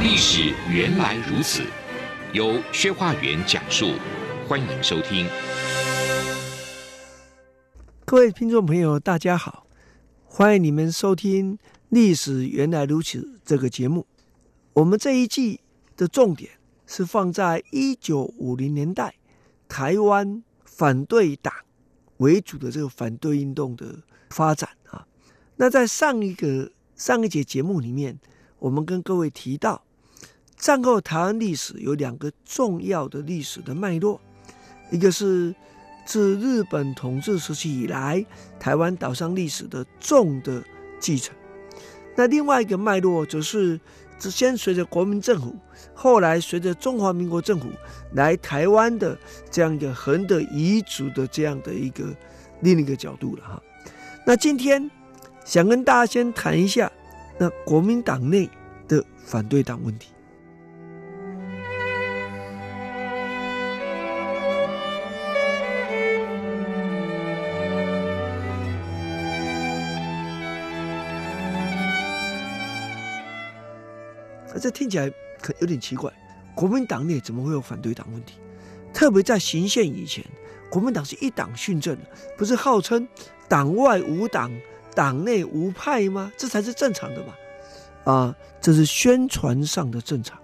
歷史原來如此，由薛化元講述，歡迎收聽。各位聽眾朋友，大家好，歡迎你們收聽《歷史原來如此》這個節目。我們這一季的重點是放在一九五零年代台灣反對黨為主的這個反對運動的發展啊。那在上一個上一節節目裡面，我們跟各位提到。戰後台灣歷史有兩個重要的歷史的脈絡，一個是自日本統治時期以來台灣島上歷史的縱的繼承，那另外一個脈絡則是先隨着國民政府，後來隨着中華民國政府來台灣的這樣一個橫的移植的這樣的一個另一個角度了哈。那今天想跟大家先談一下那國民黨內的反對黨問題。這聽起來可有點奇怪，國民黨內怎麼會有反對黨問題？特別在行憲以前，國民黨是一黨訓政，不是號稱黨外無黨，黨內無派嗎？這才是正常的嘛！啊，這是宣傳上的正常，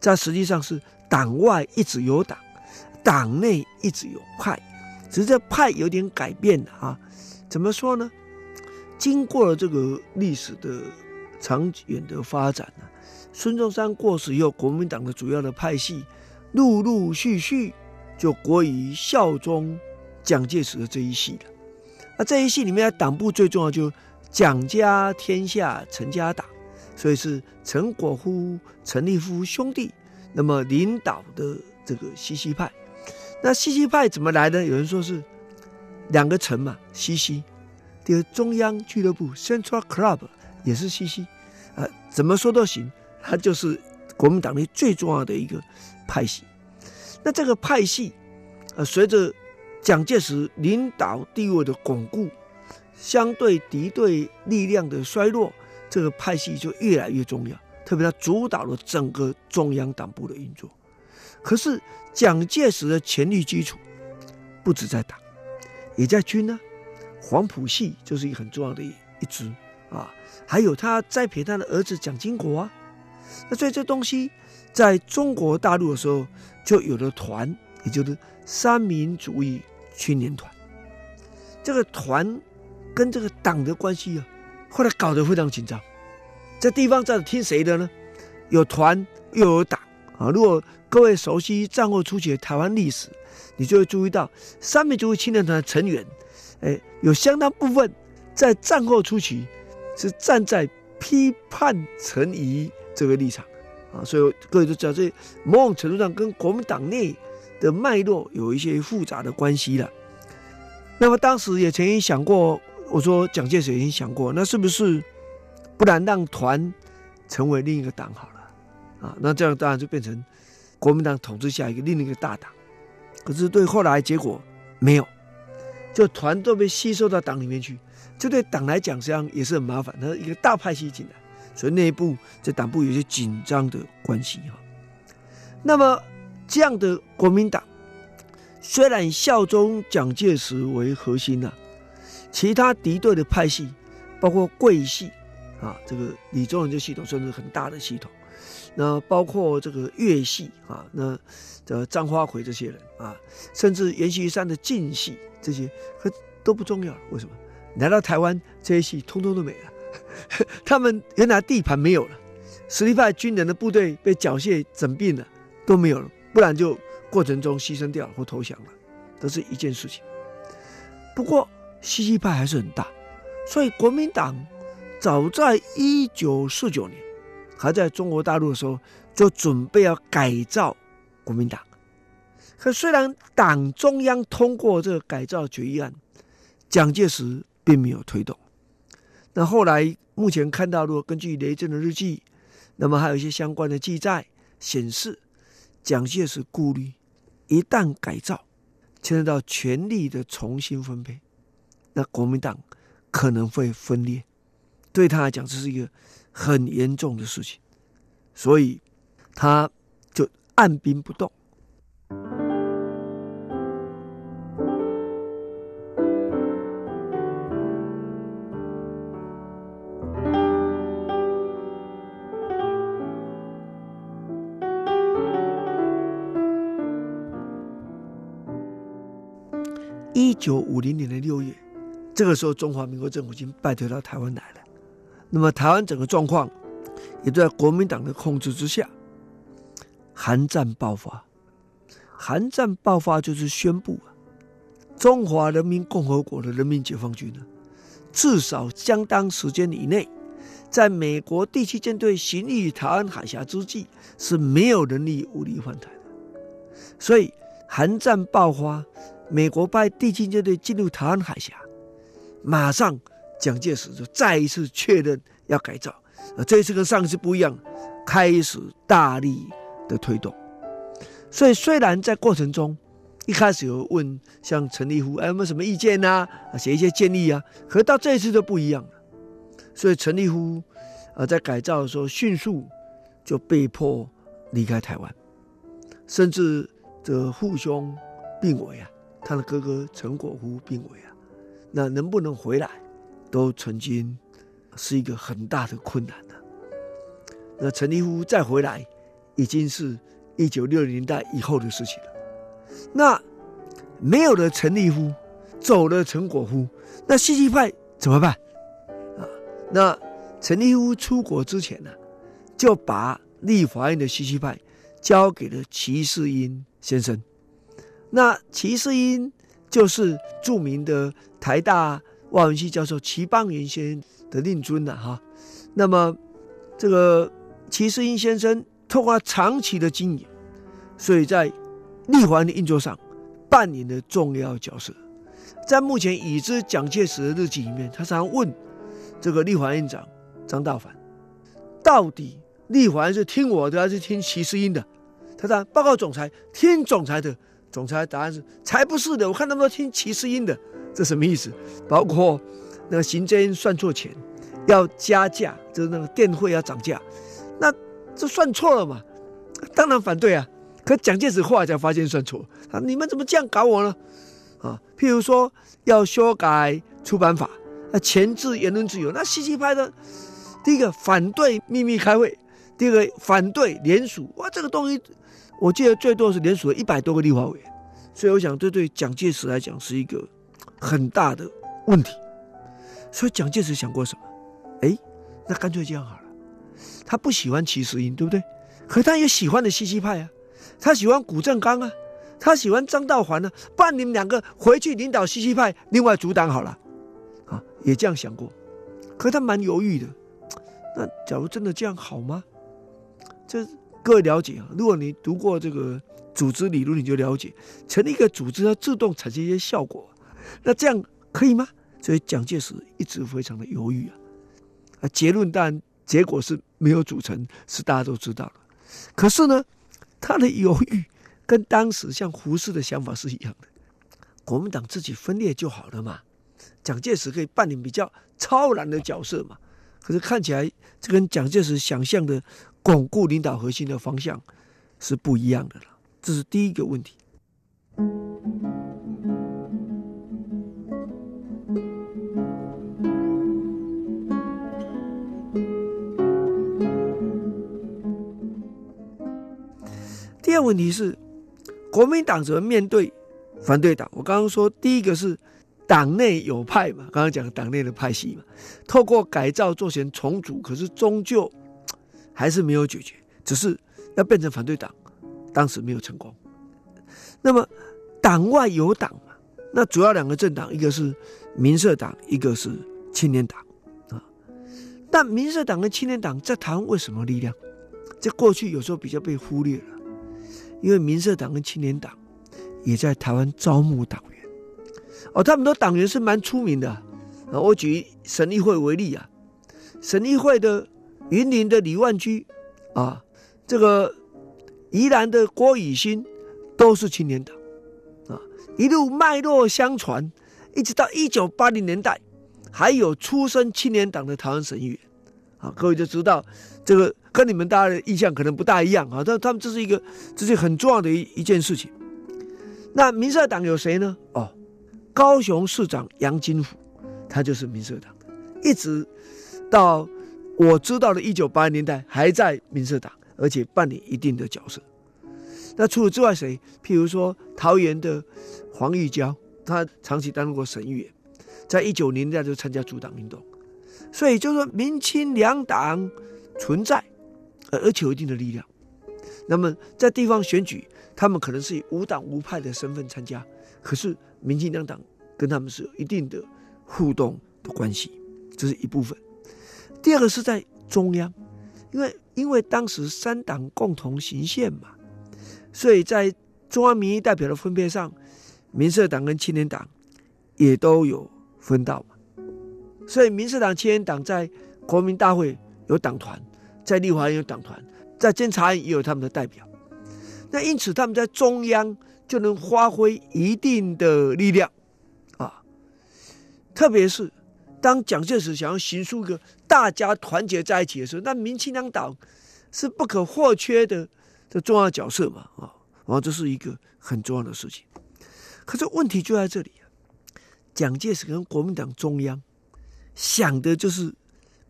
這實際上是黨外一直有黨，黨內一直有派，只是這派有點改變了啊。怎麼說呢？經過了這個歷史的長遠的發展呢，啊？孫中山過世以後，國民黨的主要的派系，陸陸續續就歸於效忠蔣介石的這一系了。那、啊、這一系裡面，的黨部最重要就是蔣家天下、陳家黨，所以是陳果夫、陳立夫兄弟那麼領導的這個西西派。那西西派怎麼來呢？有人說是兩個陳嘛，西西，第二中央俱樂部 （Central Club） 也是西西，呃、啊，怎麼說都行。他就是國民黨內最重要的一個派系。那這個派系，呃，隨着蔣介石領導地位的鞏固，相對敵對力量的衰弱，這個派系就越來越重要。特別他主導了整個中央黨部的運作。可是蔣介石的權力基礎不止在黨，也在軍呢、啊，黃埔系就是一個很重要的一支啊，還有他栽培他的兒子蔣經國啊。那所以這東西，在中國大陸的時候就有了團，也就是三民主義青年團。這個團跟這個黨的關係啊，後來搞得非常緊張。這地方在聽誰的呢？有團又有黨啊。如果各位熟悉戰後初期的台灣歷史，你就會注意到，三民主義青年團的成員，哎，有相當部分在戰後初期是站在。批判陳儀這個立場，啊，所以各位都知道，這某種程度上跟國民黨內的脈絡有一些複雜的關係了。那麼當時也曾經想過，我說蔣介石也曾經想過，那是不是不然讓團成為另一個黨好了？啊，那這樣當然就變成國民黨統治下一個另一個大黨。可是對後來結果沒有，就團都被吸收到黨裡面去。這對黨來講實際上也是很麻煩，他是一個大派系進來，所以內部在黨部有些緊張的關係啊。那麼這樣的國民黨雖然以效忠蔣介石為核心啊，其他敵對的派系，包括桂系啊，這個李宗仁這系統算是很大的系統，那包括這個粵系啊，那的張發奎這些人啊，甚至閻錫山的晉系這些，可都不重要了。為什麼？來到台灣，這些系通通都沒了。他們原來地盤沒有了，實力派軍人的部隊被繳械整編了，都沒有了。不然就過程中犧牲掉了或投降了，都是一件事情。不過，CC 派還是很大，所以國民黨早在一九四九年還在中國大陸的時候，就準備要改造國民黨。可雖然黨中央通過這個改造決議案，蔣介石。並沒有推動。那後來，目前看到，如果根據雷震的日記，那麼還有一些相關的記載顯示，蔣介石顧慮一旦改造牽涉到權力的重新分配，那國民黨可能會分裂，對他來講這是一個很嚴重的事情，所以他就按兵不動。九五零年的六月，這個時候中華民國政府已經敗退到台灣來了。那麼台灣整個狀況，也都在國民黨的控制之下。韓戰爆發，韓戰爆發就是宣布啊，中華人民共和國的人民解放軍呢，至少相當時間以內，在美國第七艦隊行於台灣海峽之際，是沒有能力武力換台的。所以韓戰爆發。美國派第七艦隊進入台灣海峽，馬上蔣介石就再一次確認要改造，呃，這一次跟上一次不一樣，開始大力的推動。所以雖然在過程中，一開始有問像陳立夫、哎、有沒有什麼意見吶、啊，寫一些建議啊，可到這一次就不一樣了。所以陳立夫，在改造的時候迅速就被迫離開台灣，甚至這父兄病危啊。他的哥哥陳果夫病危啊，那能不能回來，都曾經是一個很大的困難的、啊。那陳立夫再回來，已經是一九六零年代以後的事情了。那沒有了陳立夫，走了陳果夫，那西西派怎麼辦啊？那陳立夫出國之前呢、啊，就把立法院的西西派交給了齊世英先生。那齊世英就是著名的台大外文系教授齊邦媛先生的令尊了、啊、哈。那麼，這個齊世英先生通過長期的經營，所以在立院的運作上扮演了重要角色。在目前已知蔣介石的日記裡面，他常問這個立院院長張道藩，到底立院是聽我的還是聽齊世英的？他答：報告總裁，聽總裁的。總裁的答案是才不是的，我看他們都聽歧士音的，這什麼意思？包括那個行政，算錯錢，要加價，就是那個電費要漲價，那這算錯了嘛？當然反對啊。可蔣介石後來才發現算錯啊，你們怎麼這樣搞我呢？啊，譬如說要修改出版法，啊，鉗制言論自由，那西西派的，第一個反對秘密開會，第二個反對聯署，哇，這個東西。我記得最多是連署了一百多個立法委員，所以我想，這對蔣介石來講是一個很大的問題。問題，所以蔣介石想過什麼？哎、欸，那乾脆這樣好了。他不喜歡齊世英，對不對？可他也喜歡的 CC 派啊，他喜歡谷正綱啊，他喜歡張道藩啊，不然你們兩個回去領導 CC 派，另外組黨好了啊，也這樣想過。可他蠻猶豫的。那假如真的這樣好嗎？這。各位了解啊？如果你讀過這個組織理論，你就了解，成立一個組織它自動產生一些效果，那這樣可以嗎？所以蔣介石一直非常的猶豫啊，啊，結論當然結果是沒有組成，是大家都知道的。可是呢，他的猶豫跟當時像胡適的想法是一樣的，國民黨自己分裂就好了嘛，蔣介石可以扮演比較超然的角色嘛。可是看起來這跟蔣介石想象的。鞏固領導核心的方向是不一樣的，這是第一個問題。第二問題是，國民黨怎麼面對反對黨？我剛剛說第一個是黨內有派嘛，剛剛講黨內的派系嘛，透過改造、做成重組，可是終究。還是沒有解決，只是要變成反對黨，當時沒有成功。那麼，黨外有黨嘛？那主要兩個政黨，一個是民社黨，一個是青年黨啊。但民社黨跟青年黨在台灣為什麼力量？在過去有時候比較被忽略了，因為民社黨跟青年黨也在台灣招募黨員哦，他們的黨員是蠻出名的。啊，我舉省議會為例啊，省議會的。雲林的李萬居，啊，這個宜蘭的郭雨新，都是青年黨，啊，一路脈絡相傳，一直到一九八零年代，還有出身青年黨的台灣省議員，啊，各位就知道，這個跟你們大家的印象可能不大一樣啊，但他，他們這是一個，這是很重要的一一件事情。那民社黨有誰呢？哦，高雄市長楊金虎，他就是民社黨，一直到。我知道的，一九八零年代還在民社黨，而且扮演一定的角色。那除了之外，誰？譬如說桃園的黃玉嬌，她長期擔任過省議員，在一九年代就參加組黨運動。所以就說民青兩黨存在，而且有一定的力量。那麼在地方選舉，他們可能是以無黨無派的身份參加，可是民青兩黨跟他們是有一定的互動的關係，這是一部分。第二個是在中央，因為因為當時三黨共同行憲嘛，所以在中央民意代表的分配上，民社黨跟青年黨也都有分到嘛，所以民社黨、青年黨在國民大會有黨團，在立法院有黨團，在監察院也有他們的代表，那因此他們在中央就能發揮一定的力量，啊，特別是。當蔣介石想要形塑個大家團結在一起的時候，那民青兩黨，黨是不可或缺的的重要的角色嘛。啊，然後這是一個很重要的事情。可是問題就在這裡，蔣介石跟國民黨中央想的就是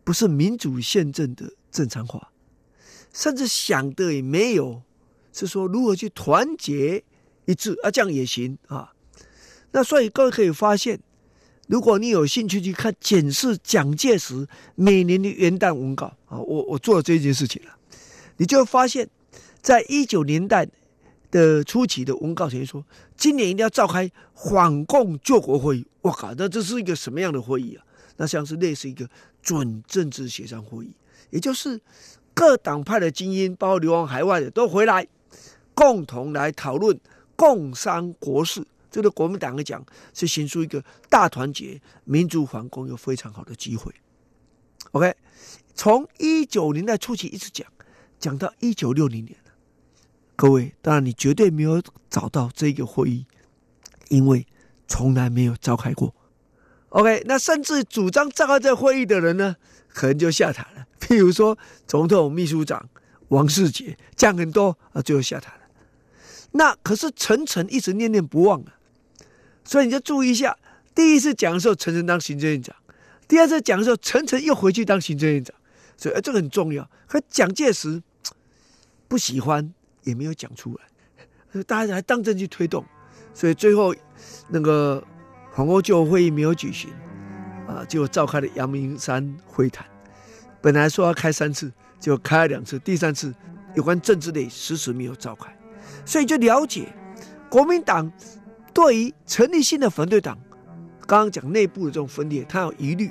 不是民主憲政的正常化，甚至想的也沒有是說如何去團結一致啊，這樣也行啊？那所以各位可以發現。如果你有興趣去看檢視蔣介石每年的元旦文告啊，我我做了這件事情了、啊，你就會發現，在一九年代的初期的文告前說，今年一定要召開反共救國會議。哇靠，那這是一個什麼樣的會議啊？那像是類似一個準政治協商會議，也就是各黨派的精英，包括流亡海外的都回來，共同來討論共商國事。這個國民黨來講是行出一個大團結，民主反攻，有非常好的機會。OK，從一九零年代初期一直講講到一九六零年。各位，當然你絕對沒有找到這個會議，因為從來沒有召開過。OK，那甚至主張召開這會議的人呢，可能就下台了。譬如說總統秘書長王世杰，這樣很多啊，最後下台了。那可是陳誠一直念念不忘啊。所以你就注意一下，第一次講的時候，陳誠當行政院長；第二次講的時候，陳誠又回去當行政院長。所以，哎、呃，這個很重要。可蔣介石不喜歡，也沒有講出來，大家還當真去推動。所以最後，那個反共救國會議沒有舉行，啊，就召開了陽明山會談。本來說要開三次，就開了兩次，第三次有關政治的遲遲沒有召開。所以就了解國民黨。對於成立新的反對黨，剛剛講內部的這種分裂，他有疑慮；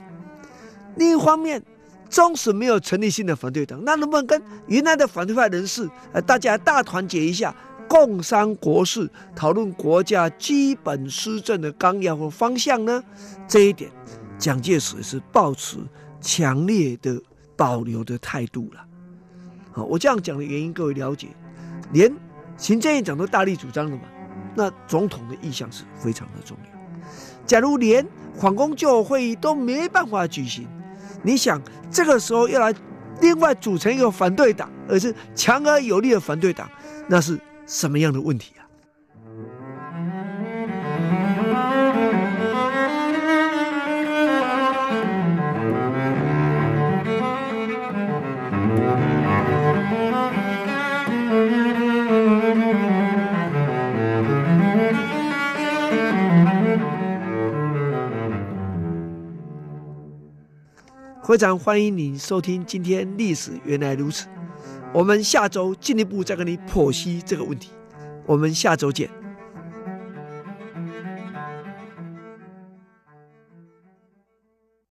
另一方面，縱使沒有成立新的反對黨，那能不能跟雲南的反對派人士，呃，大家大團結一下，共商國事，討論國家基本施政的綱要和方向呢？這一點，蔣介石也是抱持強烈的保留的態度了。好、哦，我這樣講的原因，各位了解，連行政院長都大力主張的嘛。那總統的意向是非常的重要。假如連反共救國會議都沒辦法舉行，你想這個時候要來另外組成一個反對黨，而是強而有力的反對黨，那是什麼樣的問題？非常歡迎您收聽今天《歷史原來如此》，我們下周進一步再跟你剖析這個問題。我們下周見。